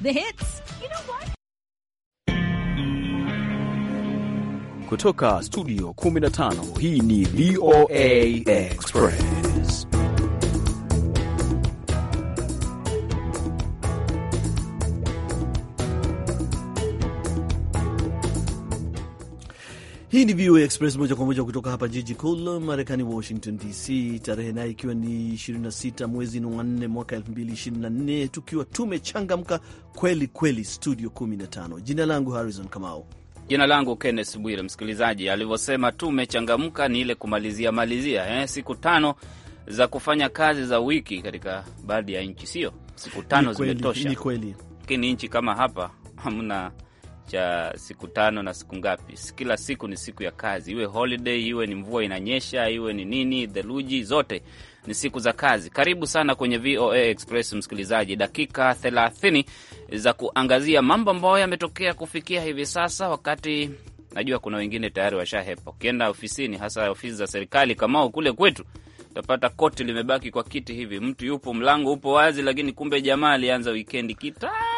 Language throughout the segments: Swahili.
The hits. You know what? Kutoka studio 15 hii ni VOA Express. Hii ni VOA Express moja kwa moja kutoka hapa jiji kuu la Marekani, Washington DC, tarehe naye ikiwa ni 26 mwezi wa 4 mwaka 2024, tukiwa tumechangamka kweli kweli studio 15. Jina langu Harrison Kamau. Jina langu Kenneth Bwire. Msikilizaji alivyosema tumechangamka ni ile kumalizia malizia, eh, siku tano za kufanya kazi za wiki katika baadhi ya nchi, sio siku tano zimetosha, lakini nchi kama hapa hamna cha siku tano na siku ngapi. Kila siku ni siku ya kazi, iwe holiday, iwe ni mvua inanyesha, iwe ni nini, theluji, zote ni siku za kazi. Karibu sana kwenye VOA Express msikilizaji, dakika thelathini za kuangazia mambo ambayo yametokea kufikia hivi sasa, wakati najua kuna wengine tayari washahepa. Ukienda ofisini, hasa ofisi za serikali, kamao kule kwetu utapata koti limebaki kwa kiti hivi, mtu yupo, mlango upo wazi, lakini kumbe jamaa alianza wikendi kitaa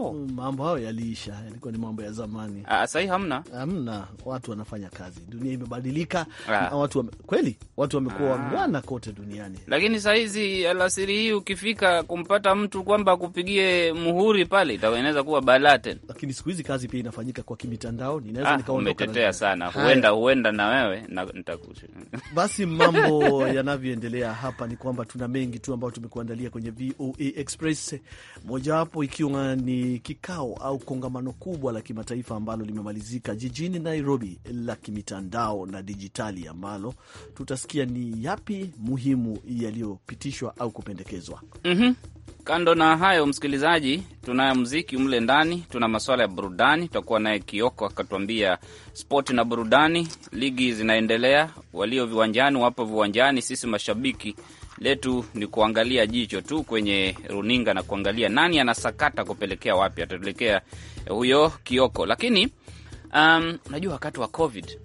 Mm, mambo hayo yaliisha, yalikuwa ni mambo ya zamani. Ah, Sahi hamna, hamna. Watu wanafanya kazi, dunia imebadilika ah. na watu wame, kweli watu wamekuwa ah. wangwana kote duniani. Lakini sahizi alasiri hii ukifika kumpata mtu kwamba akupigie muhuri pale, itaeneza kuwa balaa tena. Lakini siku hizi kazi pia inafanyika kwa kimitandao, ninaweza sana, huenda huenda na wewe na, nitakush basi mambo yanavyoendelea hapa ni kwamba tuna mengi tu ambayo tumekuandalia kwenye VOA Express, mojawapo ikiwa ni kikao au kongamano kubwa la kimataifa ambalo limemalizika jijini Nairobi la kimitandao na dijitali, ambalo tutasikia ni yapi muhimu yaliyopitishwa au kupendekezwa. mm -hmm. Kando na hayo, msikilizaji, tunayo mziki mle ndani, tuna masuala ya burudani. Tutakuwa naye Kioko akatuambia spoti na burudani, ligi zinaendelea, walio viwanjani wapo viwanjani, sisi mashabiki letu ni kuangalia jicho tu kwenye runinga na kuangalia nani anasakata kupelekea wapi, atapelekea eh, huyo Kioko. Lakini um, najua wakati wa COVID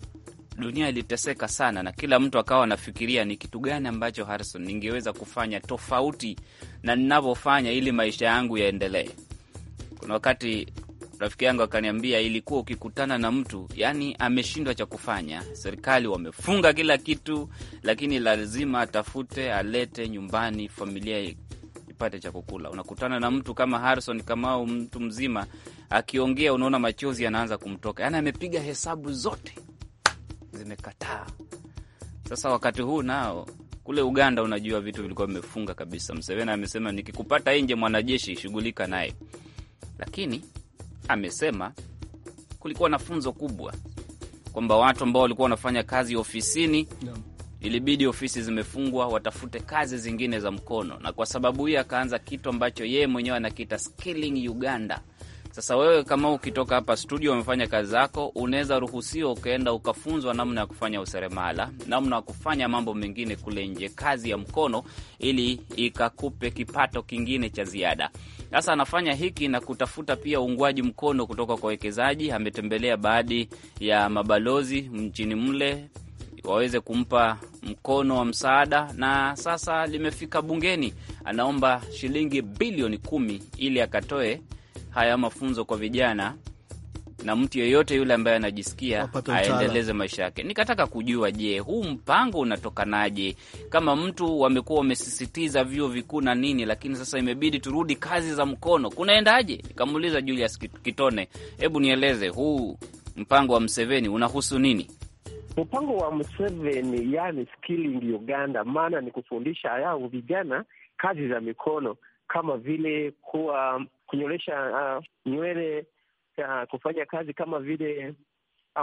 dunia iliteseka sana, na kila mtu akawa anafikiria ni kitu gani ambacho Harrison ningeweza kufanya tofauti na ninavyofanya ili maisha yangu yaendelee. Kuna wakati rafiki yangu akaniambia, ilikuwa ukikutana na mtu yani ameshindwa cha kufanya, serikali wamefunga kila kitu, lakini lazima atafute alete nyumbani, familia ipate cha kukula. Unakutana na mtu kama Harrison Kamau, mtu mzima akiongea, unaona machozi yanaanza kumtoka, yani amepiga hesabu zote zimekataa. Sasa wakati huu nao kule Uganda, unajua vitu vilikuwa vimefunga kabisa. Mseveni amesema nikikupata nje mwanajeshi, shughulika naye, lakini amesema kulikuwa na funzo kubwa kwamba watu ambao walikuwa wanafanya kazi ofisini yeah. Ilibidi ofisi zimefungwa watafute kazi zingine za mkono, na kwa sababu hiyo akaanza kitu ambacho yeye mwenyewe anakiita Skilling Uganda sasa wewe kama ukitoka hapa studio umefanya kazi zako, unaweza ruhusiwa ukaenda ukafunzwa namna ya kufanya useremala, namna ya kufanya mambo mengine kule nje, kazi ya mkono, ili ikakupe kipato kingine cha ziada. Sasa anafanya hiki na kutafuta pia uungwaji mkono kutoka kwa wekezaji. Ametembelea baadhi ya mabalozi mchini mle waweze kumpa mkono wa msaada, na sasa limefika bungeni, anaomba shilingi bilioni kumi ili akatoe haya mafunzo kwa vijana na mtu yeyote yule ambaye anajisikia aendeleze maisha yake. Nikataka kujua, je, huu mpango unatokanaje? Kama mtu wamekuwa wamesisitiza vyuo vikuu na nini, lakini sasa imebidi turudi kazi za mkono, kunaendaje? Nikamuuliza Julius Kitone, hebu nieleze huu mpango wa Mseveni unahusu nini? Mpango wa Mseveni yani skilling Uganda, maana ni kufundisha yao vijana kazi za mikono kama vile kuwa kunyolesha uh, nywele uh, kufanya kazi kama vile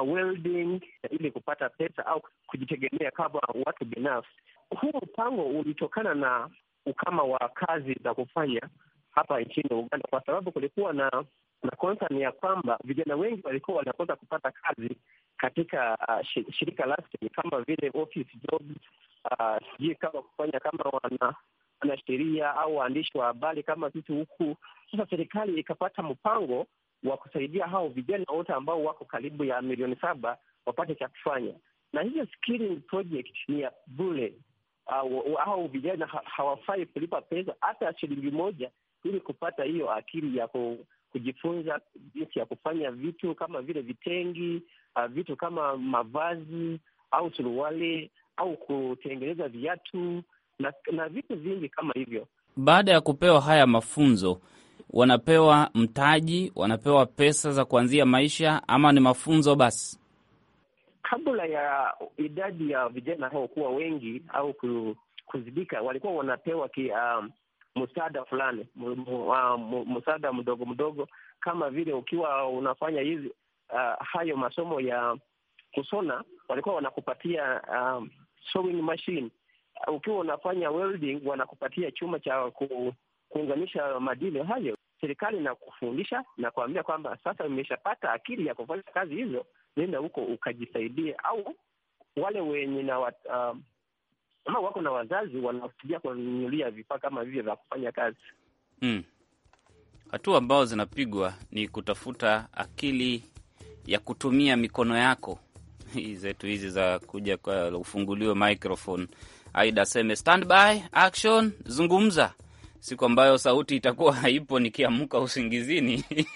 uh, welding ili kupata pesa au kujitegemea kama watu binafsi. Huu mpango ulitokana na ukama wa kazi za kufanya hapa nchini Uganda, kwa sababu kulikuwa na na konsani ya kwamba vijana wengi walikuwa wanakosa kupata kazi katika uh, shirika rasmi kama vile office jobs, uh, sijui uh, kama kufanya kama wana wanasheria au waandishi wa habari kama sisi huku sasa serikali ikapata mpango wa kusaidia hao vijana wote ambao wako karibu ya milioni saba wapate cha kufanya, na hiyo skilling project ni ya bure. Hao vijana hawafai kulipa pesa hata shilingi moja ili kupata hiyo akili ya kujifunza jinsi ya kufanya vitu kama vile vitengi, uh, vitu kama mavazi au suruali au kutengeneza viatu na, na vitu vingi kama hivyo. Baada ya kupewa haya mafunzo wanapewa mtaji, wanapewa pesa za kuanzia maisha, ama ni mafunzo basi? Kabla ya idadi ya vijana hao kuwa wengi au kuzidika, walikuwa wanapewa ki, um, msaada fulani, msaada mdogo mdogo, kama vile ukiwa unafanya hizi uh, hayo masomo ya kusona, walikuwa wanakupatia um, sewing machine. Ukiwa unafanya welding, wanakupatia chuma cha ku, kuunganisha madini hayo serikali na kufundisha na kuambia kwamba sasa umeshapata akili ya kufanya kazi hizo, nenda huko ukajisaidie, au wale wenye na wat, um, ama wako na wazazi wanaosaidia kununulia vifaa kama hivyo vya kufanya kazi mm. Hatua ambazo zinapigwa ni kutafuta akili ya kutumia mikono yako zetu hizi za kuja kwa ufunguliwe microphone, aida aseme standby action, zungumza siku ambayo sauti itakuwa haipo nikiamka usingizini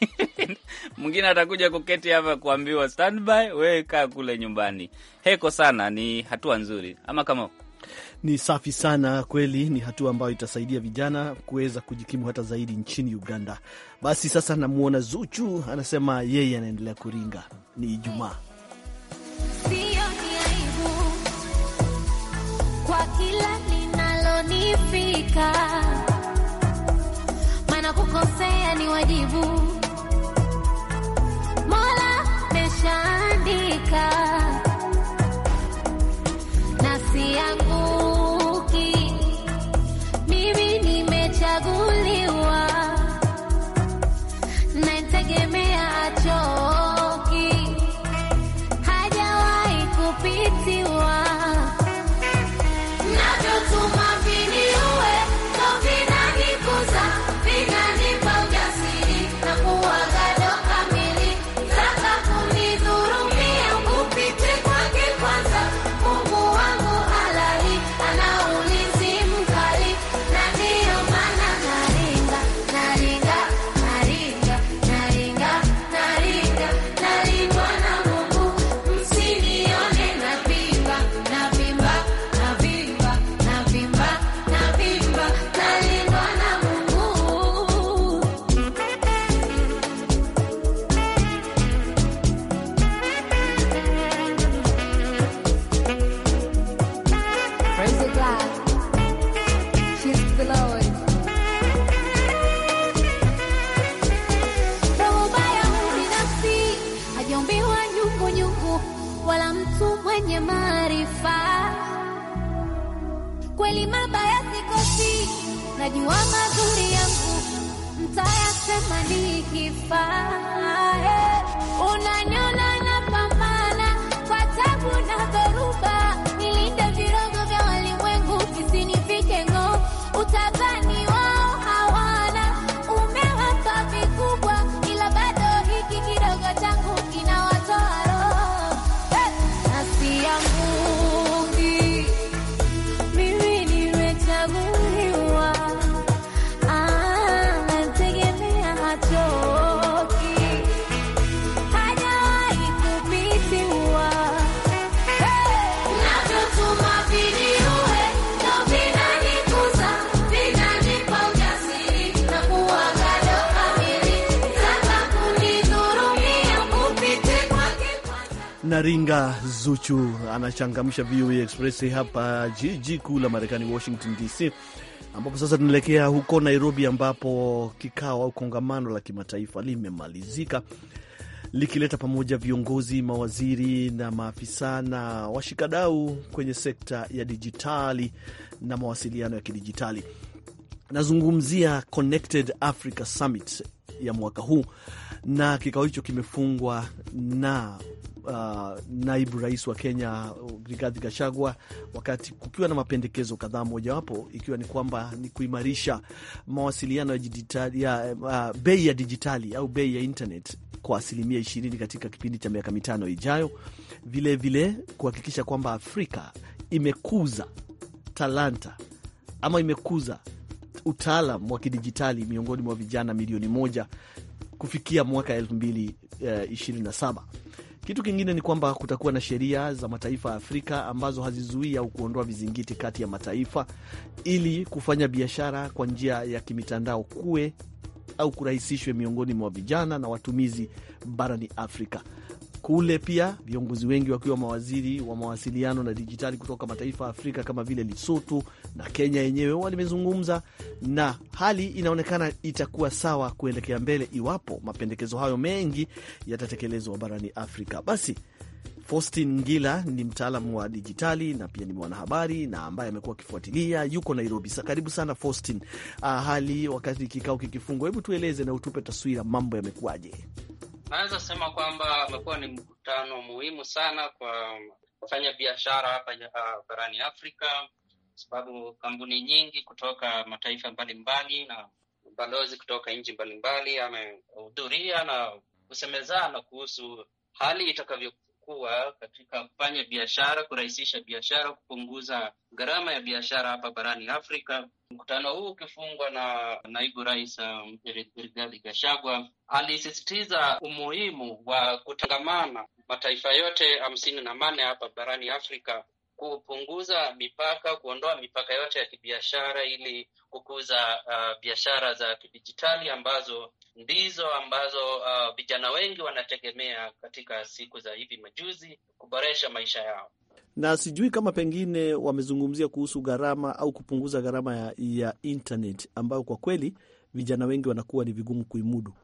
mwingine atakuja kuketi hapa kuambiwa standby, wewe kaa kule nyumbani. Heko sana, ni hatua nzuri, ama kama ni safi sana kweli. Ni hatua ambayo itasaidia vijana kuweza kujikimu hata zaidi nchini Uganda. Basi sasa namwona Zuchu anasema yeye anaendelea kuringa, ni Ijumaa kila linalonifika ni wajibu Maringa Zuchu anachangamsha VOA Express hapa jiji kuu la Marekani, Washington DC, ambapo sasa tunaelekea huko Nairobi, ambapo kikao au kongamano la kimataifa limemalizika likileta pamoja viongozi, mawaziri na maafisa na washikadau kwenye sekta ya dijitali na mawasiliano ya kidijitali. Nazungumzia Connected Africa Summit ya mwaka huu, na kikao hicho kimefungwa na uh, naibu rais wa Kenya uh, Rigathi Gachagua, wakati kukiwa na mapendekezo kadhaa, mojawapo ikiwa ni kwamba ni kuimarisha mawasiliano ya dijitali ya uh, bei ya dijitali au bei ya internet kwa asilimia ishirini katika kipindi cha miaka mitano ijayo, vilevile kuhakikisha kwamba Afrika imekuza talanta ama imekuza utaalam wa kidijitali miongoni mwa vijana milioni moja kufikia mwaka 2027. Kitu kingine ni kwamba kutakuwa na sheria za mataifa ya Afrika ambazo hazizuii au kuondoa vizingiti kati ya mataifa ili kufanya biashara kwa njia ya kimitandao kuwe au kurahisishwe miongoni mwa vijana na watumizi barani Afrika. Kule pia viongozi wengi wakiwa mawaziri wa mawasiliano na dijitali kutoka mataifa ya Afrika kama vile Lesotho na Kenya yenyewe walimezungumza na hali inaonekana itakuwa sawa kuelekea mbele iwapo mapendekezo hayo mengi yatatekelezwa barani Afrika. Basi Faustin Ngila ni mtaalamu wa dijitali na pia ni mwanahabari na ambaye amekuwa akifuatilia, yuko Nairobi. Karibu sana Faustin. Ah, hali wakati kikao kikifungwa, hebu tueleze na utupe taswira, mambo yamekuwaje? Naweza sema kwamba amekuwa ni mkutano muhimu sana kwa wafanya biashara hapa ah, barani Afrika kwa sababu kampuni nyingi kutoka mataifa mbalimbali na balozi kutoka nchi mbalimbali amehudhuria na kusemezana kuhusu hali itakavyokuwa katika kufanya biashara, kurahisisha biashara, kupunguza gharama ya biashara hapa barani Afrika. Mkutano huu ukifungwa na naibu rais um, Rigathi Gachagua alisisitiza umuhimu wa kutangamana mataifa yote hamsini na manne hapa barani Afrika kupunguza mipaka, kuondoa mipaka yote ya kibiashara ili kukuza uh, biashara za kidijitali ambazo ndizo ambazo uh, vijana wengi wanategemea katika siku za hivi majuzi kuboresha maisha yao. Na sijui kama pengine wamezungumzia kuhusu gharama au kupunguza gharama ya, ya internet ambayo kwa kweli vijana wengi wanakuwa ni vigumu kuimudu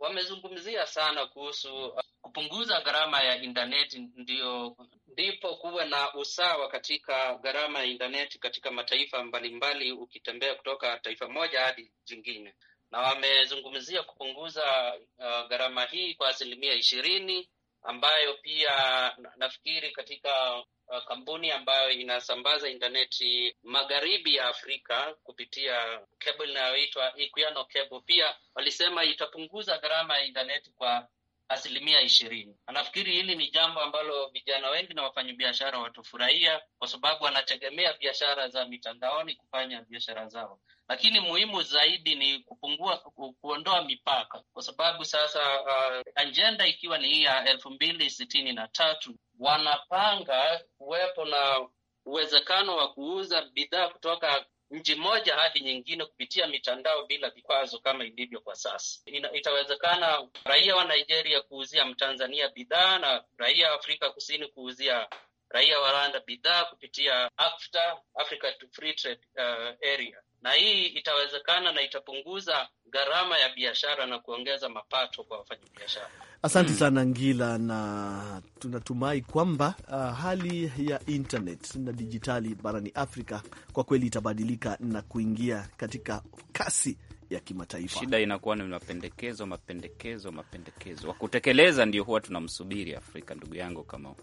wamezungumzia sana kuhusu uh, kupunguza gharama ya intaneti, ndio ndipo kuwe na usawa katika gharama ya intaneti katika mataifa mbalimbali, ukitembea kutoka taifa moja hadi jingine, na wamezungumzia kupunguza uh, gharama hii kwa asilimia ishirini ambayo pia nafikiri katika uh, kampuni ambayo inasambaza intaneti magharibi ya Afrika kupitia cable inayoitwa Equiano Cable, pia walisema itapunguza gharama ya intaneti kwa asilimia ishirini. Anafikiri hili ni jambo ambalo vijana wengi na wafanyabiashara watafurahia, kwa sababu wanategemea biashara za mitandaoni kufanya biashara zao lakini muhimu zaidi ni kupungua, kuondoa mipaka, kwa sababu sasa uh, ajenda ikiwa ni hii ya elfu mbili sitini na tatu wanapanga kuwepo na uwezekano wa kuuza bidhaa kutoka nchi moja hadi nyingine kupitia mitandao bila vikwazo kama ilivyo kwa sasa. Ina, itawezekana raia wa Nigeria kuuzia Mtanzania bidhaa na raia wa Afrika Kusini kuuzia raia wa Rwanda bidhaa kupitia AfTA, Africa Free Trade uh, Area na hii itawezekana na itapunguza gharama ya biashara na kuongeza mapato kwa wafanyabiashara. Asante mm. sana Ngila, na tunatumai kwamba uh, hali ya internet na dijitali barani Afrika kwa kweli itabadilika na kuingia katika kasi ya kimataifa. Shida inakuwa ni mapendekezo, mapendekezo, mapendekezo. Wa kutekeleza ndio huwa tunamsubiri Afrika, ndugu yangu Kama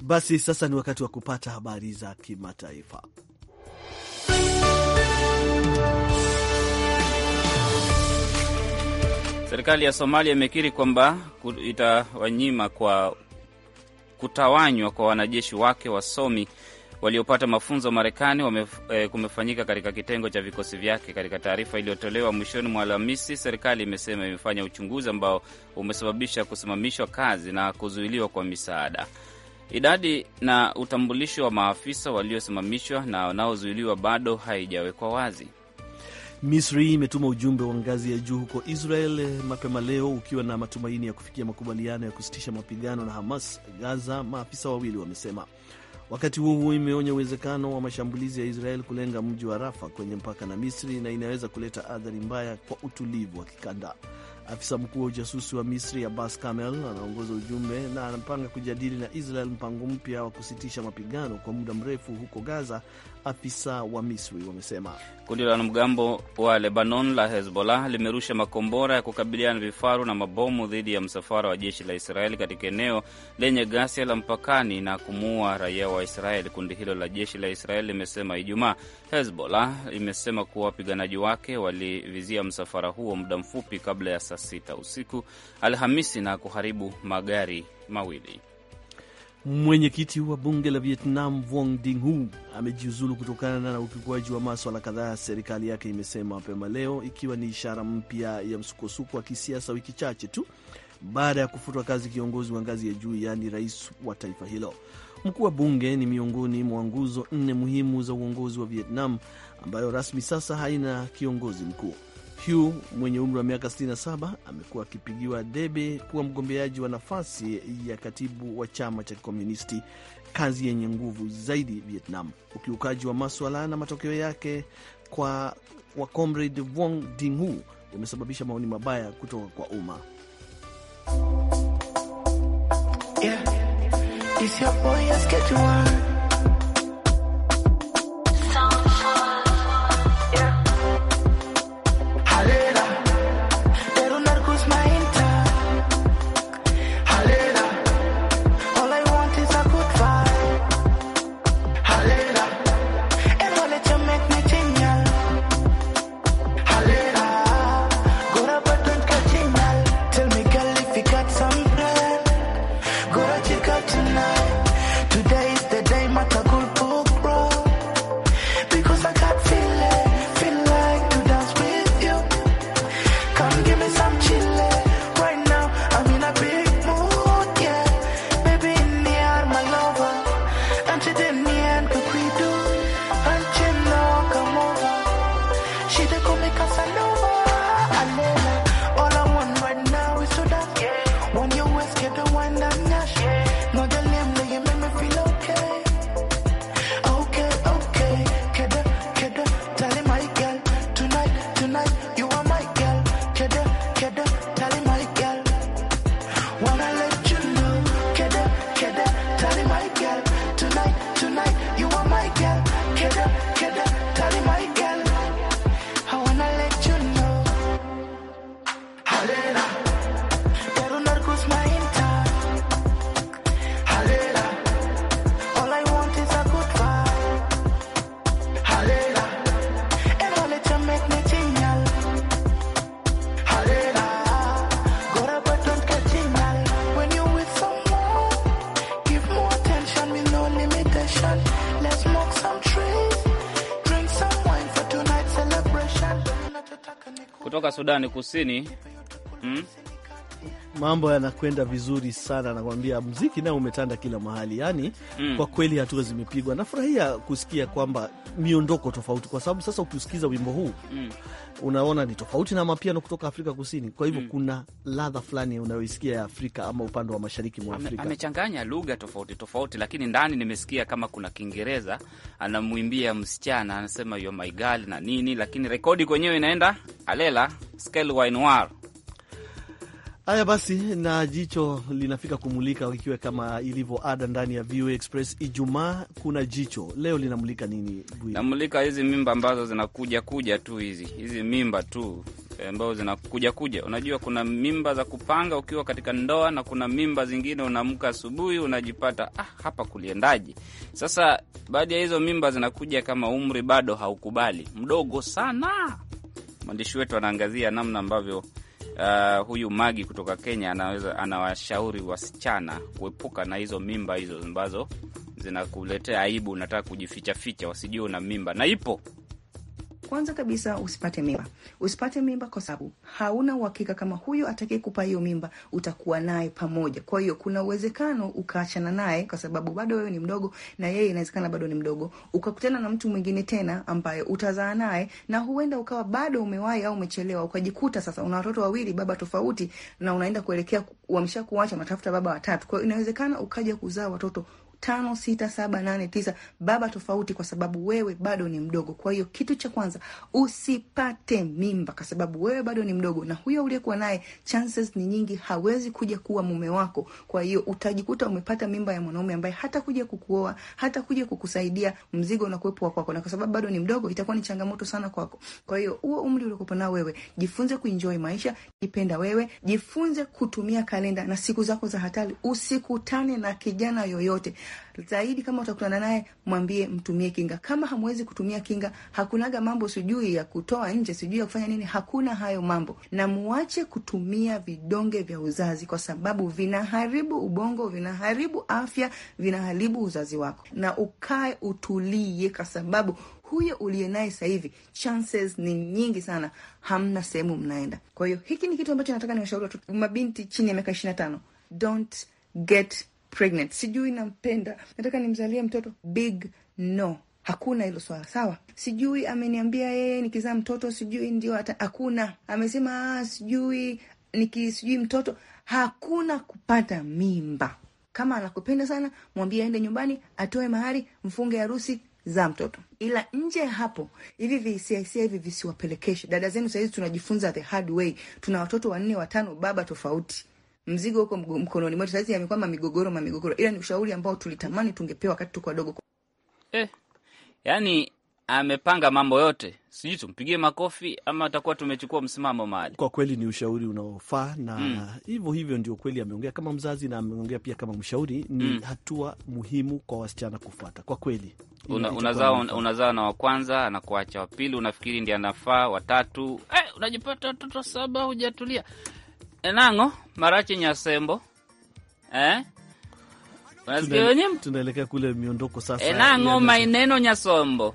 Basi sasa ni wakati wa kupata habari za kimataifa. Serikali ya Somalia imekiri kwamba itawanyima kwa kutawanywa kwa wanajeshi wake wasomi waliopata mafunzo Marekani eh, kumefanyika katika kitengo cha vikosi vyake. Katika taarifa iliyotolewa mwishoni mwa Alhamisi, serikali imesema imefanya uchunguzi ambao umesababisha kusimamishwa kazi na kuzuiliwa kwa misaada. Idadi na utambulisho wa maafisa waliosimamishwa na wanaozuiliwa bado haijawekwa wazi. Misri imetuma ujumbe wa ngazi ya juu huko Israel eh, mapema leo ukiwa na matumaini ya kufikia makubaliano ya kusitisha mapigano na Hamas Gaza, maafisa wawili wamesema. Wakati huo huo, imeonya uwezekano wa mashambulizi ya Israel kulenga mji wa Rafa kwenye mpaka na Misri na inaweza kuleta athari mbaya kwa utulivu wa kikanda. Afisa mkuu wa ujasusi wa Misri Abbas Kamel anaongoza ujumbe na anapanga kujadili na Israel mpango mpya wa kusitisha mapigano kwa muda mrefu huko Gaza afisa wa Misri wamesema. Kundi la wanamgambo wa Lebanon la Hezbollah limerusha makombora ya kukabiliana vifaru na mabomu dhidi ya msafara wa jeshi la Israeli katika eneo lenye ghasia la mpakani na kumuua raia wa Israeli. Kundi hilo la jeshi la Israeli limesema Ijumaa. Hezbollah imesema kuwa wapiganaji wake walivizia msafara huo muda mfupi kabla ya saa sita usiku Alhamisi na kuharibu magari mawili. Mwenyekiti wa bunge la Vietnam Vuong Hu amejiuzulu kutokana na ukiukwaji wa maswala kadhaa, serikali yake imesema mapema leo, ikiwa ni ishara mpya ya msukosuko wa kisiasa, wiki chache tu baada ya kufutwa kazi kiongozi wa ngazi ya juu, yaani rais wa taifa hilo. Mkuu wa bunge ni miongoni mwa nguzo nne muhimu za uongozi wa Vietnam ambayo rasmi sasa haina kiongozi mkuu. Hugh mwenye umri wa miaka 67 amekuwa akipigiwa debe kuwa mgombeaji wa nafasi ya katibu wa chama cha kikomunisti kazi yenye nguvu zaidi Vietnam, ukiukaji wa maswala na matokeo yake kwa wa comrade Vuong Dinghu umesababisha maoni mabaya kutoka kwa umma. Yeah. Sudani Kusini hmm? Mambo yanakwenda vizuri sana, nakwambia. Mziki nao umetanda kila mahali, yani mm. Kwa kweli hatua zimepigwa. Nafurahia kusikia kwamba miondoko tofauti, kwa sababu sasa ukiusikiza wimbo huu mm. unaona ni tofauti na mapiano kutoka Afrika Kusini. Kwa hivyo mm. kuna ladha fulani unayoisikia ya Afrika ama upande wa mashariki mwa Afrika. Amechanganya lugha tofauti tofauti, lakini ndani nimesikia kama kuna Kiingereza anamwimbia msichana, anasema yo my girl na nini, lakini rekodi kwenyewe inaenda alela skelwinoir Haya basi, na jicho linafika kumulika ikiwa kama ilivyo ada ndani ya VOA Express Ijumaa. Kuna jicho leo linamulika nini? Namulika hizi mimba ambazo zinakuja kuja tu, hizi hizi mimba tu eh, ambazo zinakuja kuja. Unajua, kuna mimba za kupanga ukiwa katika ndoa na kuna mimba zingine unaamka asubuhi unajipata, ah, hapa kuliendaje? Sasa baadhi ya hizo mimba zinakuja kama umri bado haukubali, mdogo sana. Mwandishi wetu anaangazia namna ambavyo uh, huyu Magi kutoka Kenya anaweza, anawashauri wasichana kuepuka na hizo mimba hizo ambazo zinakuletea aibu, unataka kujifichaficha, wasijue una mimba na ipo kwanza kabisa usipate mimba, usipate mimba kwa sababu hauna uhakika kama huyo atakayekupa hiyo mimba utakuwa naye pamoja. Kwa hiyo kuna uwezekano ukaachana naye kwa sababu bado wewe ni mdogo na yeye inawezekana bado ni mdogo, ukakutana na mtu mwingine tena ambaye utazaa naye, na huenda ukawa bado umewahi au umechelewa, ukajikuta sasa una watoto wawili, baba tofauti, na unaenda kuelekea, wameshakuacha, unatafuta baba watatu. Kwa hiyo inawezekana ukaja kuzaa watoto tano sita saba nane tisa baba tofauti, kwa sababu wewe bado ni mdogo. Kwa hiyo kitu cha kwanza usipate mimba, kwa sababu wewe bado ni mdogo, na huyo uliyekuwa naye chances ni nyingi hawezi kuja kuwa mume wako. Kwa hiyo utajikuta umepata mimba ya mwanaume ambaye hata kuja kukuoa, hata kuja kukusaidia, mzigo unakuwepo wa kwako, na kwa sababu bado ni mdogo, itakuwa ni changamoto sana kwako. Kwa hiyo huo umri uliokuwa nao wewe, jifunze kuenjoy maisha, jipenda wewe, jifunze kutumia kalenda na siku zako za hatari. Usikutane na kijana yoyote zaidi. Kama utakutana naye, mwambie mtumie kinga. Kama hamwezi kutumia kinga, hakunaga mambo sijui ya kutoa nje, sijui ya kufanya nini, hakuna hayo mambo, na muache kutumia vidonge vya uzazi, kwa sababu vinaharibu ubongo, vinaharibu afya, vinaharibu uzazi wako, na ukae utulie, kwa sababu huyo uliye naye sasa hivi chances ni nyingi sana, hamna sehemu mnaenda. Kwa hiyo hiki ni kitu ambacho nataka niwashauri mabinti chini ya miaka ishirini na tano don't get pregnant, sijui nampenda, nataka nimzalie mtoto big no Hakuna hilo swala sawa. Sijui ameniambia yeye nikizaa mtoto sijui ndio hata, hakuna amesema ah, sijui niki sijui mtoto, hakuna kupata mimba. Kama anakupenda sana, mwambie aende nyumbani, atoe mahari, mfunge harusi za mtoto, ila nje hapo, hivi visiasia hivi visiwapelekeshe. Dada zenu sahizi tunajifunza the hard way, tuna watoto wanne watano, baba tofauti mzigo huko mkononi mwetu. Sasa yamekwama migogoro ma migogoro, ila ni ushauri ambao tulitamani tungepewa wakati tuko wadogo. Eh, yani amepanga mambo yote, sijui tumpigie makofi ama atakuwa tumechukua msimamo mahali. Kwa kweli ni ushauri unaofaa na mm. hivyo hivyo ndio kweli ameongea kama mzazi na ameongea pia kama mshauri. Ni mm. hatua muhimu kwa wasichana kufuata kwa kweli. Una, unazaa unazaa na wa kwanza anakuacha wa pili, unafikiri ndi anafaa watatu. Eh, unajipata watoto saba hujatulia enang'o Marachi Nyasembo eh? tunaelekea kule miondoko sasa. Enang'o maineno Nyasombo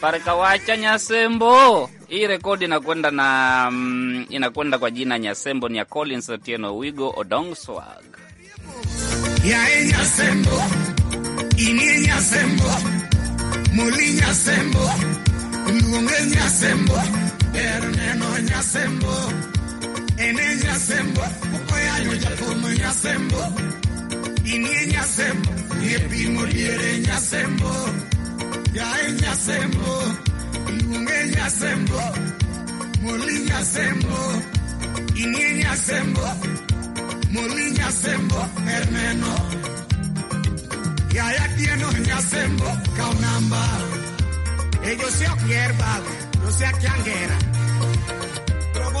parikawacha Nyasembo. Hii rekodi inakwenda na mm, inakwenda kwa jina Nyasembo ni ya Collins Otieno Wigo Odong Swag yae Nyasembo inie Nyasembo muli Nyasembo nduonge Nyasembo erneno Nyasembo En enenya sembo okoyanyo jakomo ella inie y yepimo diere nyasembo yae nyasembo y niña hacemos, nyasembo inie hermano. Y nyasembo hermeno yaya en nyasembo kaw namba ellos se okierba no se akiangera robo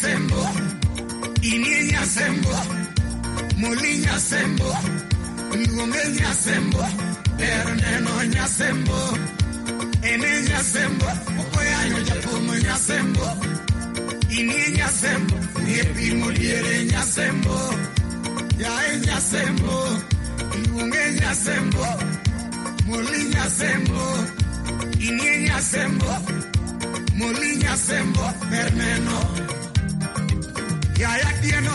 sembo ininya sembo mulinya sembo nduonge nya sembo erneno nya sembo ene nya sembo okoyanyo japomo nya sembo inie nya sembo yepimo diere nya sembo yae nya sembo nduonge nya sembo mulinya sembo inie nya sembo mulinya sembo erneno yaya dieno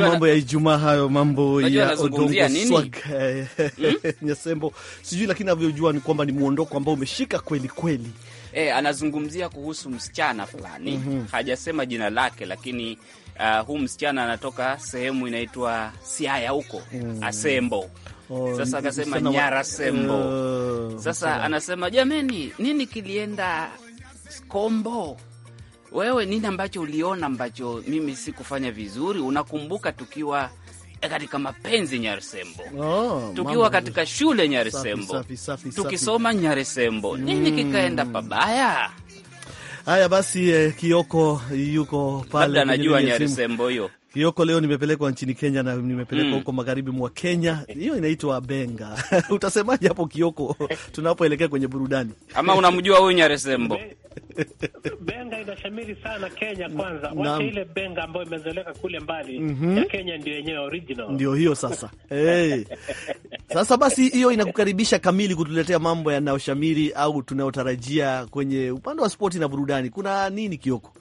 mambo ya Ijumaa hayo, mambo ya odongo swag hmm? Nyasembo sijui, lakini navyojua ni kwamba ni mwondoko ambao umeshika kweli kweli. E, anazungumzia kuhusu msichana fulani mm -hmm. Hajasema jina lake, lakini uh, huu msichana anatoka sehemu inaitwa Siaya huko mm. Asembo oh, sasa akasema nyara sembo uh, sasa anasema jameni, nini kilienda kombo wewe, nini ambacho uliona ambacho mimi sikufanya vizuri? Unakumbuka tukiwa eh, katika mapenzi Nyaresembo, oh, tukiwa katika shule Nyaresembo, tukisoma Nyaresembo, nini mm. kikaenda pabaya? Haya basi, eh, Kioko yuko pale, anajua Nyaresembo hiyo Kioko, leo nimepelekwa nchini Kenya na nimepelekwa mm. huko mm, magharibi mwa Kenya. Hiyo inaitwa benga. Utasemaje hapo Kioko, tunapoelekea kwenye burudani? Ama unamjua huyu Nyaresembo? Benga inashamiri sana Kenya. Kwanza wacha ile benga ambayo imezoeleka kule mbali mm -hmm. ya Kenya ndio yenyewe original, ndio hiyo sasa. Hey. Sasa basi, hiyo inakukaribisha kamili kutuletea mambo yanayoshamiri au tunayotarajia kwenye upande wa spoti na burudani. Kuna nini Kioko?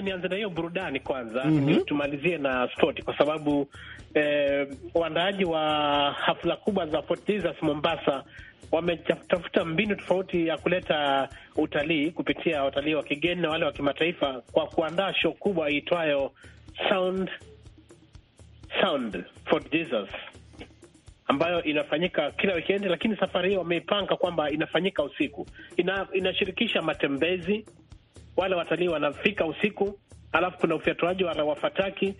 wacha nianze na hiyo burudani kwanza, mm -hmm. Tumalizie na spoti kwa sababu eh, waandaaji wa hafla kubwa za Fort Jesus Mombasa wametafuta mbinu tofauti ya kuleta utalii kupitia watalii wa kigeni na wale wa kimataifa kwa kuandaa show kubwa iitwayo Sound Sound Fort Jesus ambayo inafanyika kila wikendi, lakini safari hii wameipanga kwamba inafanyika usiku. Ina, inashirikisha matembezi wale watalii wanafika usiku, alafu kuna ufyatuaji wa wafataki.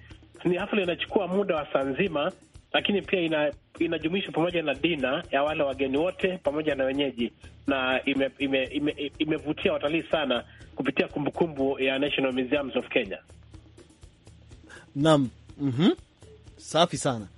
Ni hafla inachukua muda wa saa nzima, lakini pia ina, inajumuishwa pamoja na dina ya wale wageni wote pamoja na wenyeji, na imevutia ime, ime, ime watalii sana kupitia kumbukumbu ya National Museums of Kenya. Naam, mm -hmm. Safi sana.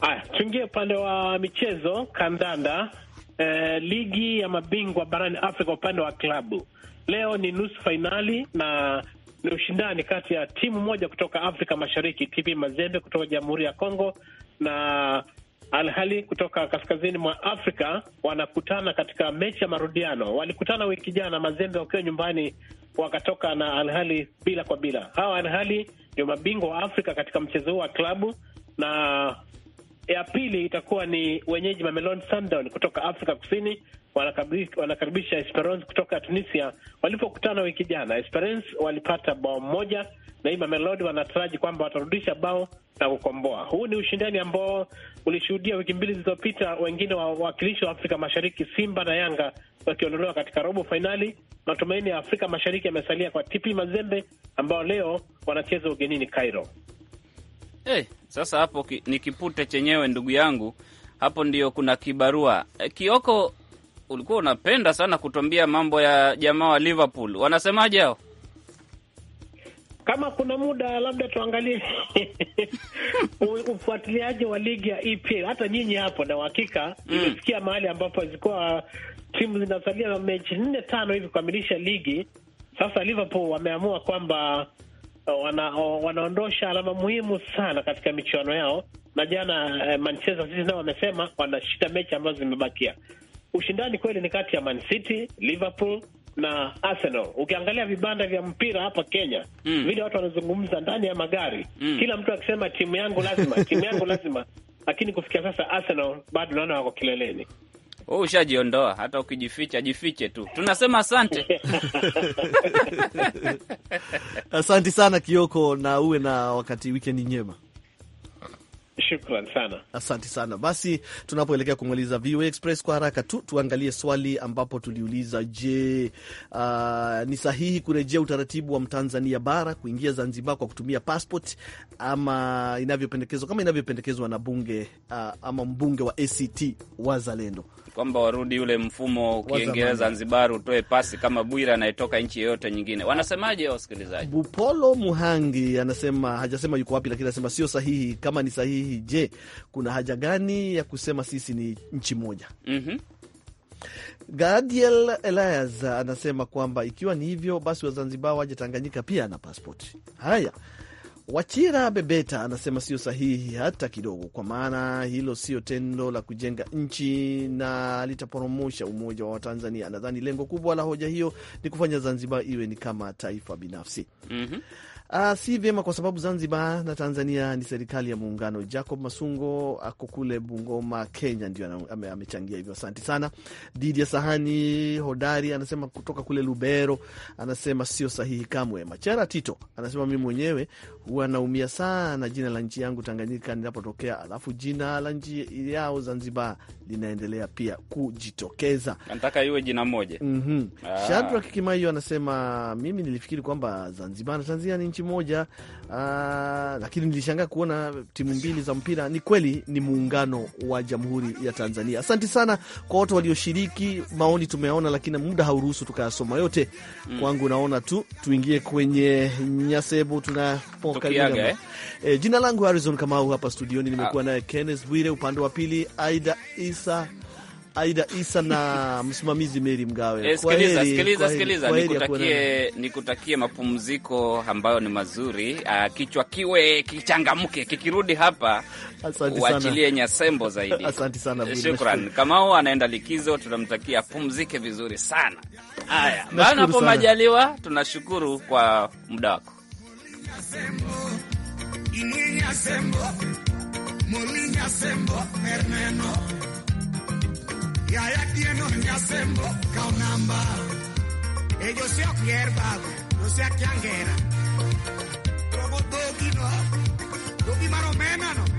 Haya, tuingie upande wa michezo kandanda eh, ligi ya mabingwa barani Afrika upande wa klabu. Leo ni nusu fainali na ni ushindani kati ya timu moja kutoka Afrika Mashariki, TP Mazembe kutoka Jamhuri ya Kongo na Al Ahly kutoka kaskazini mwa Afrika wanakutana katika mechi ya marudiano. Walikutana wiki jana, Mazembe wakiwa nyumbani wakatoka na Al Ahly bila kwa bila. Hawa Al Ahly ndio mabingwa wa Afrika katika mchezo huu wa klabu, na ya pili itakuwa ni wenyeji Mamelodi Sundown kutoka Afrika Kusini wanakaribisha Esperance kutoka Tunisia. Walipokutana wiki jana, Esperance walipata bao moja, na hii Mamelodi wanataraji kwamba watarudisha bao na kukomboa. Huu ni ushindani ambao ulishuhudia wiki mbili zilizopita, wengine wa wawakilishi wa Afrika Mashariki Simba na Yanga wakiondolewa katika robo fainali. Matumaini ya Afrika Mashariki yamesalia kwa TP Mazembe ambao leo wanacheza ugenini Cairo. Eh, sasa hapo ki, ni kipute chenyewe ndugu yangu, hapo ndio kuna kibarua. Eh, Kioko, ulikuwa unapenda sana kutuambia mambo ya jamaa wa Liverpool, wanasemaje hao? Kama kuna muda labda tuangalie ufuatiliaji wa ligi ya EPL. Hata nyinyi hapo na uhakika mm, mahali ambapo zilikuwa timu zinasalia na mechi nne tano hivi kukamilisha ligi. Sasa Liverpool wameamua kwamba wana, wanaondosha alama muhimu sana katika michuano yao, na jana eh, Manchester City nao wamesema wanashika mechi ambazo zimebakia. Ushindani kweli ni kati ya Man City, Liverpool na Arsenal. Ukiangalia vibanda vya mpira hapa Kenya mm. vile watu wanazungumza ndani ya magari mm. kila mtu akisema timu yangu lazima timu yangu lazima, lakini kufikia sasa Arsenal bado naona wako kileleni hu ushajiondoa, hata ukijificha jifiche tu. Tunasema asante. Asante sana Kioko, na uwe na wakati wikendi nyema Shukran sana, asante sana. Basi tunapoelekea kumaliza VOA Express kwa haraka tu, tuangalie swali ambapo tuliuliza, je, uh, ni sahihi kurejea utaratibu wa Mtanzania bara kuingia Zanzibar kwa kutumia passport ama inavyopendekezwa kama inavyopendekezwa na bunge uh, ama mbunge wa ACT Wazalendo kwamba warudi ule mfumo ukiingia Zanzibar utoe pasi kama Bwira anayetoka nchi yoyote nyingine. Wanasemaje wasikilizaji? Bupolo Muhangi anasema, hajasema yuko wapi, lakini anasema sio sahihi. Kama ni sahihi, je, kuna haja gani ya kusema sisi ni nchi moja? mm -hmm. Gadiel Elias anasema kwamba ikiwa ni hivyo basi Wazanzibar waje Tanganyika pia na paspoti. Haya, Wachira Bebeta anasema sio sahihi hata kidogo, kwa maana hilo sio tendo la kujenga nchi na litaporomosha umoja wa Watanzania. Nadhani lengo kubwa la hoja hiyo ni kufanya Zanzibar iwe ni kama taifa binafsi. mm -hmm. Uh, si vyema kwa sababu Zanzibar na Tanzania ni serikali ya muungano. Jacob Masungo ako kule Bungoma, Kenya, ndio amechangia ame hivyo. Asante sana. Didi ya Sahani Hodari anasema kutoka kule Lubero, anasema sio sahihi kamwe. Machera Tito anasema mi mwenyewe huwa naumia sana jina la nchi yangu Tanganyika linapotokea, alafu jina la nchi yao Zanzibar linaendelea pia kujitokeza. Nataka iwe jina moja. mm -hmm. Shadrack Kimayo anasema mimi nilifikiri kwamba Zanzibar na Tanzania ni nchi moja uh, lakini nilishangaa kuona timu mbili za mpira. Ni kweli ni muungano wa Jamhuri ya Tanzania. Asante sana kwa watu walioshiriki, maoni tumeona, lakini muda hauruhusu tukayasoma yote. Mm. Kwangu naona tu tuingie kwenye nyasebu eh. E, jina langu Harrison Kamau, hapa studioni nimekuwa ah. naye Kenneth Bwire, upande wa pili Aida Isa Aida Isa na msimamizi Meri Mgawe. Eh, sikiliza, sikiliza, sikiliza, nikutakie nikutakie mapumziko ambayo ni mazuri. Uh, kichwa kiwe kichangamke, kikirudi hapa uachilie nyasembo zaidi. Asante sana, shukran. Kamau anaenda likizo, tunamtakia apumzike vizuri sana. Haya, panapo majaliwa, tunashukuru kwa muda wako. y allá a quienes me hacen boca unamba. Ellos se observan, no se aquianguera. Pero vos, Doki, no. o menos, no.